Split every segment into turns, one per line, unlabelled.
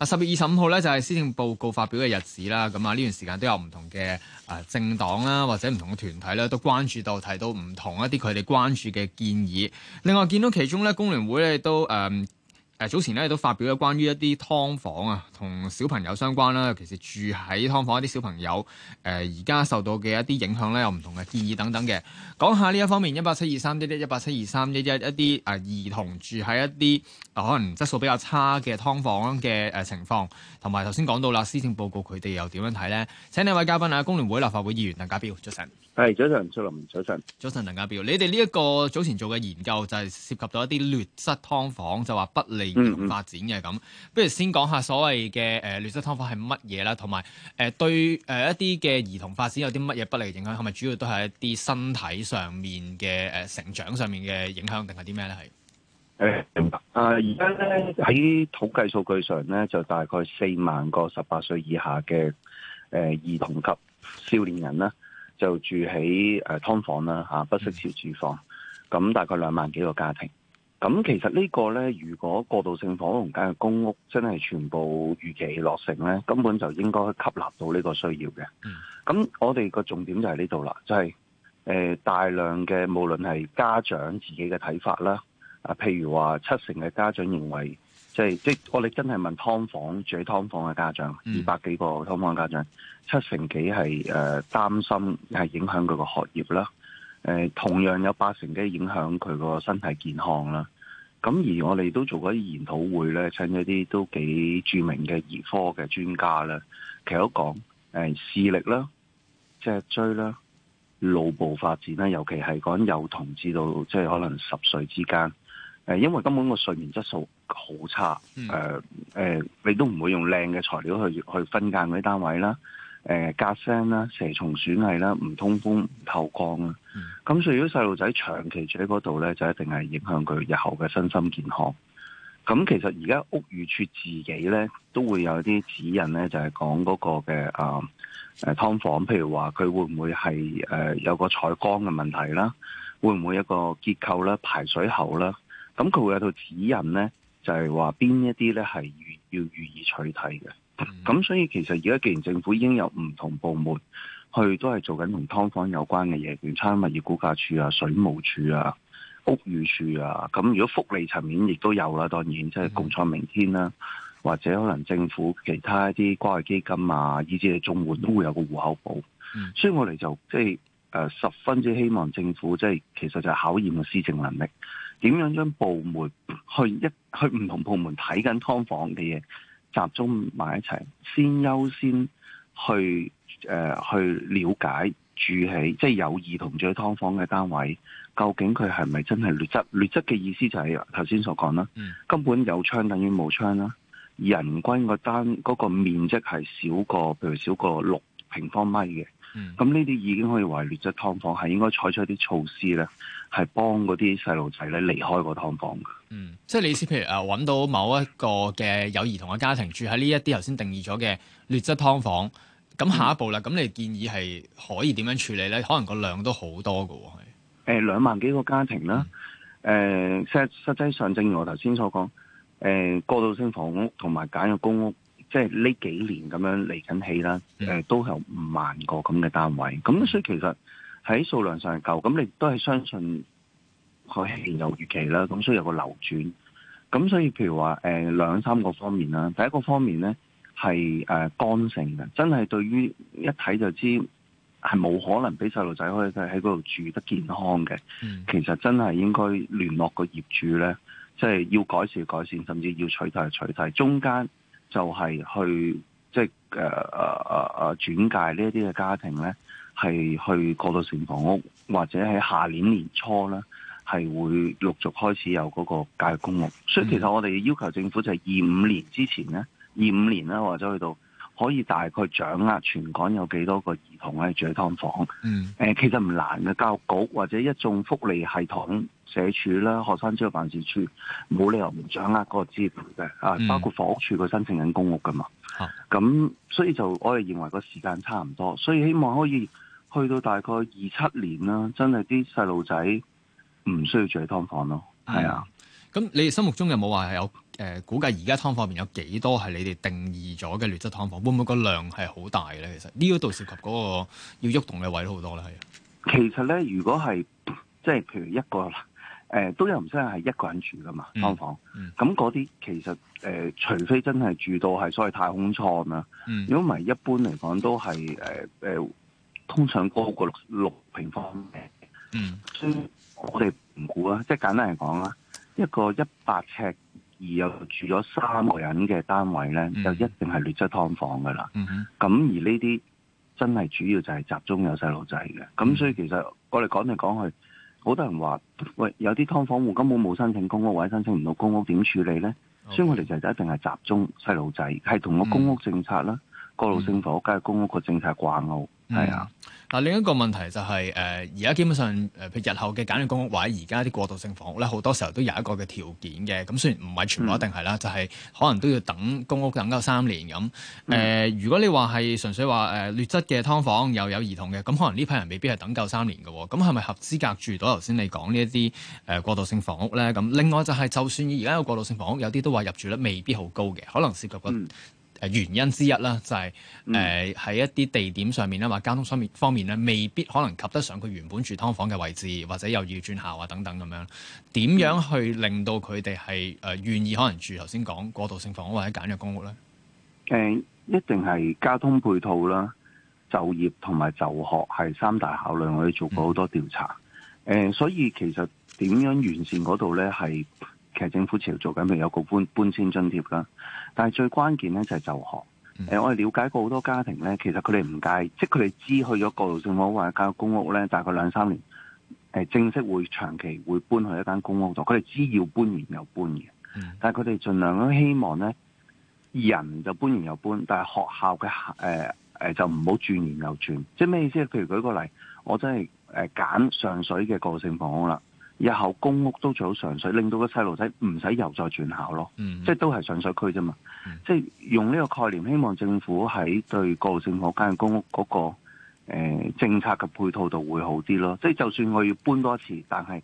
啊！十月二十五號咧就係施政報告發表嘅日子啦，咁啊呢段時間都有唔同嘅啊政黨啦，或者唔同嘅團體咧都關注到，提到唔同一啲佢哋關注嘅建議。另外見到其中咧工聯會咧都誒。嗯誒早前咧都發表咗關於一啲劏房啊，同小朋友相關啦。其實住喺劏房一啲小朋友誒，而、呃、家受到嘅一啲影響咧，有唔同嘅建議等等嘅。講下呢一方面，1723, 1723, 一八七二三一一一八七二三一一一啲誒兒童住喺一啲可能質素比較差嘅劏房嘅誒情況，同埋頭先講到啦，施政報告佢哋又點樣睇呢？請兩位嘉賓啊，工聯會立法會議員鄧家彪，早晨。
係早晨，林早晨。
早晨，鄧家彪，你哋呢一個早前做嘅研究就係涉及到一啲劣質劏房，就話不利兒童發展嘅咁、嗯嗯。不如先講下所謂嘅誒劣質劏房係乜嘢啦，同埋誒對誒一啲嘅兒童發展有啲乜嘢不利嘅影響，係咪主要都係一啲身體上面嘅誒成長上面嘅影響，定係啲咩咧？係誒，
明白。誒，而家咧喺統計數據上咧，就大概四萬個十八歲以下嘅誒兒童及少年人啦。就住喺誒、呃、劏房啦，嚇、啊、不適切住房，咁大概兩萬幾個家庭。咁其實呢個呢，如果過渡性房屋加上公屋真係全部預期落成呢，根本就應該吸納到呢個需要嘅。咁我哋個重點就係呢度啦，就係、是、誒、呃、大量嘅無論係家長自己嘅睇法啦，啊譬如話七成嘅家長認為。即係即係，我哋真係問劏房住喺劏房嘅家長，二百幾個劏房家長，七成幾係誒擔心係影響佢個學業啦。誒、呃，同樣有八成幾影響佢個身體健康啦。咁、呃、而我哋都做過一啲研討會咧，請咗啲都幾著名嘅兒科嘅專家咧，其實都講誒視力啦、脊椎啦、腦部發展啦，尤其係講幼童至到即係可能十歲之間。誒，因為根本個睡眠質素好差，誒、嗯、誒、呃，你都唔會用靚嘅材料去去分間嗰啲單位啦，誒、呃，隔聲啦，蛇蟲鼠蟻啦，唔通風、唔透光啊，咁所以如果細路仔長期住喺嗰度咧，就一定係影響佢日後嘅身心健康。咁其實而家屋宇署自己咧，都會有啲指引咧，就係講嗰個嘅啊，誒、啊，劏房，譬如話佢會唔會係誒、啊、有個採光嘅問題啦，會唔會一個結構咧排水口啦。咁佢會有套指引呢，就係話邊一啲呢係要預予以取締嘅。咁、mm-hmm. 所以其實而家既然政府已經有唔同部門去都係做緊同劏房有關嘅嘢，聯餐物業估價處啊、水務處啊、屋宇處啊，咁如果福利層面亦都有啦，當然即係共創明天啦、啊，mm-hmm. 或者可能政府其他一啲關愛基金啊，以至係綜援、啊、都會有個戶口簿。Mm-hmm. 所以我哋就即係、就是呃、十分之希望政府即係、就是、其實就係考驗個施政能力。點樣將部門去一去唔同部門睇緊劏房嘅嘢集中埋一齊，先優先去誒、呃、去了解住喺即係有兒童住劏房嘅單位，究竟佢係咪真係劣質？劣質嘅意思就係頭先所講啦，根本有窗等於冇窗啦，人均個單嗰、嗰個面積係少過，譬如少過六平方米嘅。咁呢啲已經可以話劣質劏房，係應該採取一啲措施咧，係幫嗰啲細路仔咧離開個劏房嘅。
嗯，即係你意思譬如啊，揾到某一個嘅有兒童嘅家庭住喺呢一啲頭先定義咗嘅劣質劏房，咁下一步啦，咁、嗯、你建議係可以點樣處理咧？可能個量都好多㗎喎。
誒、欸，兩萬幾個家庭啦。誒、嗯，實、呃、實際上正如我頭先所講，誒、呃，過渡性房屋同埋簡約公屋。即係呢幾年咁樣嚟緊起啦，誒、呃，都有五萬個咁嘅單位，咁所以其實喺數量上係夠。咁你都係相信佢係有預期啦，咁所以有個流轉。咁所以譬如話，誒、呃、兩三個方面啦。第一個方面咧係誒干性嘅，真係對於一睇，就知係冇可能俾細路仔可以喺嗰度住得健康嘅。嗯、其實真係應該聯絡個業主咧，即、就、係、是、要改善改善，甚至要取締取締中間。就係、是、去即係誒誒誒轉介呢一啲嘅家庭咧，係去過渡性房屋，或者喺下年年初咧，係會陸續開始有嗰個教育公屋。所以其實我哋要求政府就係二五年之前咧，二五年呢，或者去到可以大概掌握全港有幾多個兒童咧住劏房、嗯呃。其實唔難嘅，教育局或者一眾福利系統。社署啦，學生之處辦事處冇理由唔掌握嗰個資助嘅啊，包括房屋處佢申請緊公屋噶嘛，咁、啊、所以就我哋認為個時間差唔多，所以希望可以去到大概二七年啦，真係啲細路仔唔需要住喺劏房
咯。係、嗯、啊，咁你哋心目中有冇話係有誒、呃、估計而家劏房入面有幾多係你哋定義咗嘅劣質劏房？會唔會個量係好大咧？其實呢個度涉及嗰個要喐動嘅位好多啦，係。其實咧，如果係即係譬如一個。誒、呃，都
有唔少係一個人住噶嘛，劏、嗯、房。咁嗰啲其實誒、呃，除非真係住到係所謂太空艙啦。如果唔係，然一般嚟講都係誒誒，通常高過六六平方米。嗯，所以我哋唔估啦、嗯，即係簡單嚟講啦，一個一百尺而又住咗三個人嘅單位咧、嗯，就一定係劣質劏房噶啦。咁、嗯、而呢啲真係主要就係集中有細路仔嘅。咁、嗯、所以其實我哋講嚟講去。好多人話：喂，有啲㓥房戶根本冇申請公屋，或者申請唔到公屋，點處理咧？所以我哋就一定係集中細路仔，係同個公屋政策啦、嗯，過渡性房屋梗係公屋個政策掛鈎。
係、嗯、啊，嗱另一個問題就係誒而家基本上誒，佢、呃、日後嘅簡約公屋或者而家啲過渡性房屋咧，好多時候都有一個嘅條件嘅。咁雖然唔係全部一定係啦、嗯，就係、是、可能都要等公屋等夠三年咁。誒、呃嗯，如果你話係純粹話誒、呃、劣質嘅劏房又有兒童嘅，咁可能呢批人未必係等夠三年嘅喎。咁係咪合資格住到頭先你講呢一啲誒過渡性房屋咧？咁另外就係就算而家有過渡性房屋，有啲都話入住率未必好高嘅，可能涉及誒原因之一啦，就係誒喺一啲地點上面啦，話交通方面方面咧，未必可能及得上佢原本住劏房嘅位置，或者又要轉校啊等等咁樣，點樣去令到佢哋係誒願意可能住頭先講過渡性房屋或者簡約公屋咧？
誒、嗯、一定係交通配套啦、就業同埋就學，係三大考慮，我哋做過好多調查，誒、呃，所以其實點樣完善嗰度咧係。係政府朝做緊，咪有個搬搬遷津貼噶。但係最關鍵咧就係、是、就學。誒、呃，我哋了解過好多家庭咧，其實佢哋唔介意，即係佢哋知道去咗過渡性房屋或者間公屋咧，大概兩三年，係、呃、正式會長期會搬去一間公屋度。佢哋知要搬完又搬嘅、嗯，但係佢哋盡量都希望咧，人就搬完又搬，但係學校嘅誒誒就唔好轉完又轉。即係咩意思？譬如舉個例，我真係誒揀上水嘅過渡性房屋啦。日後公屋都做好上水，令到個細路仔唔使又再轉校咯。Mm-hmm. 即係都係上水區啫嘛。Mm-hmm. 即係用呢個概念，希望政府喺對過渡性房屋公屋嗰、那個、呃、政策及配套度會好啲咯。即係就算我要搬多一次，但係學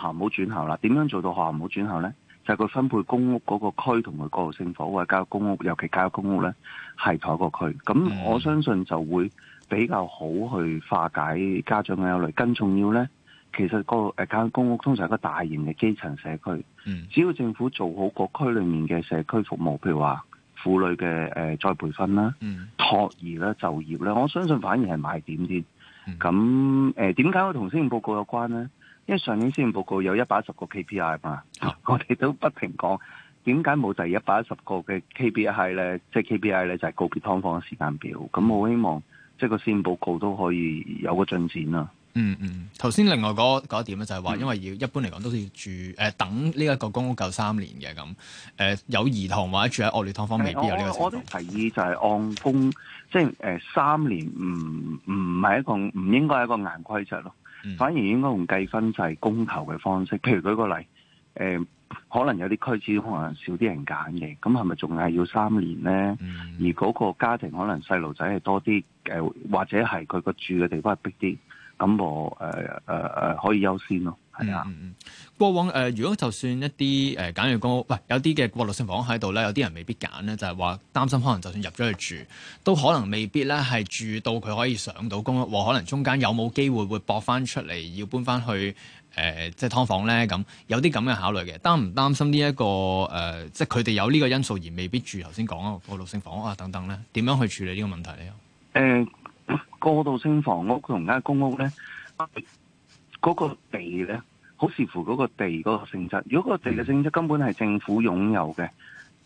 校唔好轉校啦。點樣做到學校唔好轉校呢？就係、是、佢分配公屋嗰個區同佢過渡性房屋或者簡約公屋，尤其簡約公屋呢，係同一個區。咁、mm-hmm. 我相信就會比較好去化解家長嘅憂慮。更重要呢。其實個誒間公屋通常係個大型嘅基層社區，嗯，只要政府做好各區裏面嘅社區服務，譬如話婦女嘅誒、呃、再培訓啦、托兒啦、就業啦，我相信反而係賣點啲。咁誒點解會同施政報告有關呢？因為上年施政報告有一百一十個 KPI 嘛，哦、我哋都不停講點解冇第一百一十個嘅 KPI 咧，即、就、係、是、KPI 咧就係告別劏房嘅時間表。咁我希望即係個施政報告都可以有個進展啊！
嗯嗯，頭、嗯、先另外嗰一點咧，就係話，因為要一般嚟講都要住誒、呃、等呢一個公屋夠三年嘅咁誒有兒童或者住喺惡劣劏房，未必有呢個。我我都提議就係按公即係誒、呃、三年，唔唔係一個
唔應該係一個硬規則咯，反而應該用計分制公投嘅方式。譬如舉個例誒、呃，可能有啲區子可能少啲人揀嘅，咁係咪仲係要三年咧、嗯？而嗰個家庭可能細路仔係多啲誒、呃，或者係佢個住嘅地方係逼啲。咁我誒誒誒可以優
先咯，係啊、嗯嗯。過往誒、呃，如果就算一啲誒，簡約公屋，喂，有啲嘅過渡性房屋喺度咧，有啲人未必揀咧，就係、是、話擔心可能就算入咗去住，都可能未必咧係住到佢可以上到公屋，或可能中間有冇機會會駁翻出嚟要搬翻去誒、呃，即係劏房咧。咁有啲咁嘅考慮嘅，擔唔擔心呢、這、一個誒、呃，即係佢哋有呢個因素而未必住頭先講嗰個過渡性房屋啊等等咧？點樣去處理呢個問題咧？誒、嗯。
過渡性房屋同間公屋咧，嗰、那個地咧，好視乎嗰個地嗰個性質。如果個地嘅性質根本係政府擁有嘅，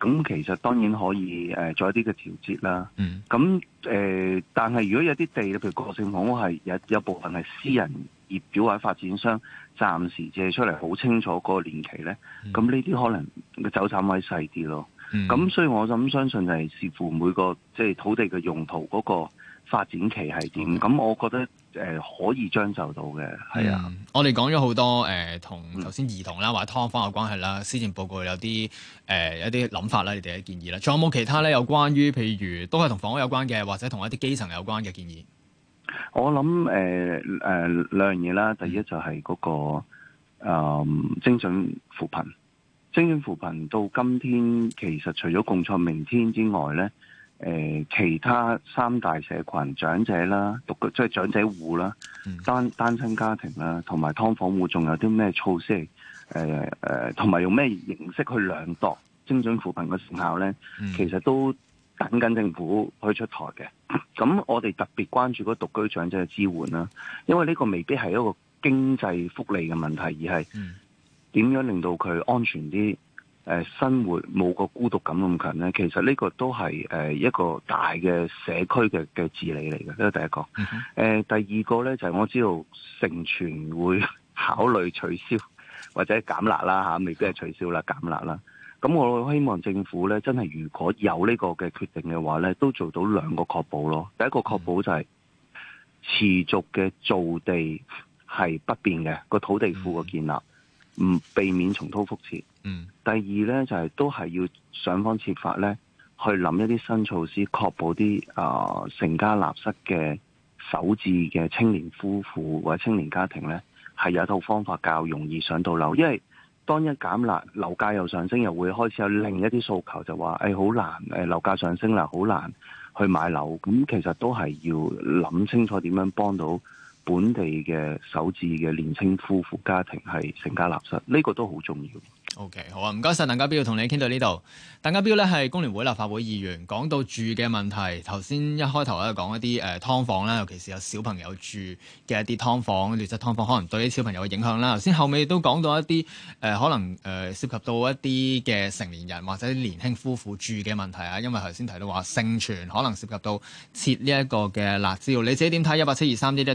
咁其實當然可以誒做一啲嘅調節啦。咁、嗯、誒、呃，但係如果有啲地，譬如過渡性房屋係有有部分係私人業主或者發展商暫時借出嚟，好清楚嗰個年期咧，咁呢啲可能個走盞位細啲咯。咁、嗯、所以我就咁相信就係視乎每個即係、就是、土地嘅用途嗰、那個。發展期係點？咁、嗯、我覺得誒、呃、可以將就到嘅，
係啊、嗯！我哋講咗好多誒，同頭先兒童啦，或者劏房有關係啦，施、嗯、政報告有啲誒、呃、一啲諗法啦，你哋嘅建議啦，仲有冇其他咧？有關於譬如都係同房屋有關嘅，或者同一啲基層有關嘅建議。
我諗誒誒兩樣嘢啦，第一就係嗰、嗰個、嗯、精準扶貧，精準扶貧到今天其實除咗共創明天之外咧。誒、呃，其他三大社群長者啦，獨居即係長者戶啦，嗯、單單身家庭啦，同埋劏房戶，仲有啲咩措施？誒、呃、誒，同、呃、埋用咩形式去量度精準扶貧嘅成效咧、嗯？其實都等緊政府去出台嘅。咁我哋特別關注嗰獨居長者嘅支援啦，因為呢個未必係一個經濟福利嘅問題，而係點樣令到佢安全啲。誒生活冇個孤獨感咁強咧，其實呢個都係誒一個大嘅社區嘅嘅治理嚟嘅，呢、呢個第一個。誒、mm-hmm. 呃、第二個咧就係我知道成全會考慮取消或者減辣啦吓，未必係取消啦，、啊、減辣啦。咁我希望政府咧真係如果有呢個嘅決定嘅話咧，都做到兩個確保咯。第一個確保就係持續嘅造地係不變嘅，、個土地庫嘅建立。唔避免重蹈覆轍。嗯，第二呢，就係、是、都係要想方設法呢，去諗一啲新措施，確保啲啊、呃、成家立室嘅首置嘅青年夫婦或者青年家庭呢係有一套方法較容易上到樓。因為當一減辣，樓價又上升，又會開始有另一啲訴求，就話誒好難誒樓價上升啦，好難去買樓。咁其實都係要諗清楚點樣幫到。本地嘅首置嘅年青夫婦家庭係成家立室，呢、這個都好
重要。O、okay, K，好啊，唔該晒。鄧家彪，同你傾到呢度。鄧家彪咧係工聯會立法會議員。講到住嘅問題，頭先一開頭咧講一啲誒㓥房啦，尤其是有小朋友住嘅一啲㓥房，劣質㓥房可能對啲小朋友嘅影響啦。頭先後尾都講到一啲誒、呃，可能誒、呃、涉及到一啲嘅成年人或者年輕夫婦住嘅問題啊。因為頭先提到話盛傳可能涉及到撤呢一個嘅辣招，你自己點睇一百七二三呢啲同？